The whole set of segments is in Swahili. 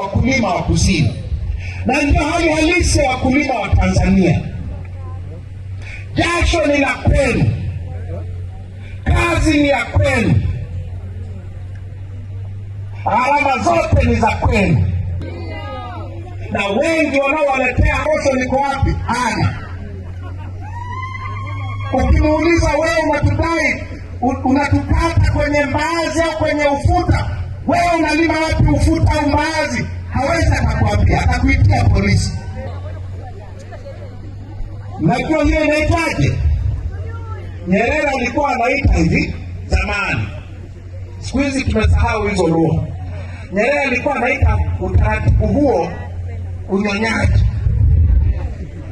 wakulima wa kusini, na ndio hali halisi ya wakulima wa Tanzania. Jasho ni la kwenu, kazi ni ya kwenu, alama zote ni za kwenu, na wengi wanaowaletea roso niko wapi ana ukimuuliza wewe, unatudai unatupata kwenye mbaazi au kwenye ufuta wewe unalima wapi ufuta umaazi? Hawezi atakwambia, atakuitia polisi. Najua hiyo inaitwaje? Nyerere alikuwa anaita hivi zamani, siku hizi tumesahau hizo lugha. Nyerere alikuwa anaita utaratibu huo unyonyaji.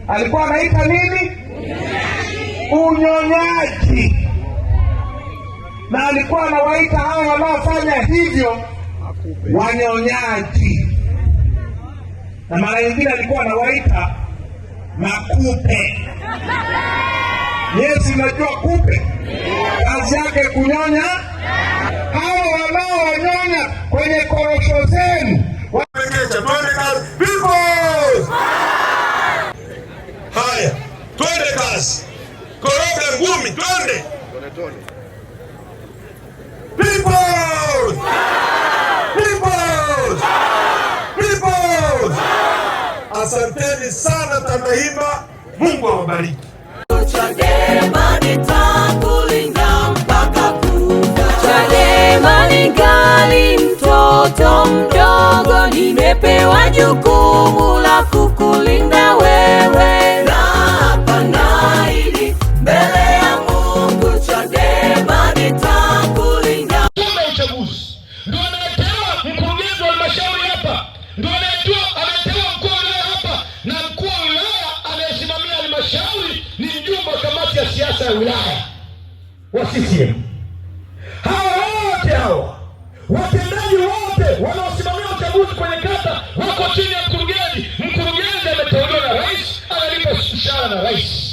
Alikuwa anaita nini? Unyonyaji na alikuwa anawaita hao wanaofanya hivyo wanyonyaji, na mara nyingine alikuwa anawaita makupe. Yesu, najua kupe kazi yake kunyonya. Hao wanaowanyonya kwenye korosho zenu Haya, twende kazi, koroga ngumi, twende. asanteni sana Tandahimba, Mungu awabariki. Mtoto mdogo nimepewa jukumu la kukulinda wewe, na hapa mbele ya Mungu, Chadema nitakulinda. Tume ya uchaguzi ya wilaya wa CCM. Hawa wote hawa watendaji wote wanaosimamia uchaguzi kwenye kata wako chini ya mkurugenzi. Mkurugenzi ameteuliwa na rais, analipa mshahara na rais.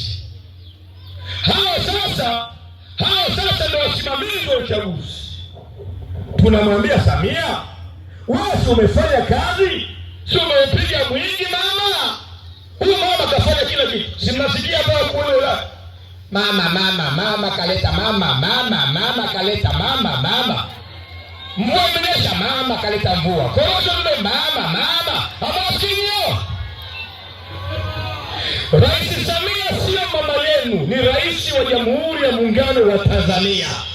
Hawa sasa hawa sasa ndio wasimamizi wa uchaguzi. Tunamwambia Samia, wewe umefanya kazi mama mama mama kaleta mama mama mama kaleta mama mama mvua imenyesha, mama kaleta mvua kozoe mama mama amasinio. Rais Samia sio mama yenu, ni rais wa Jamhuri ya Muungano wa Tanzania.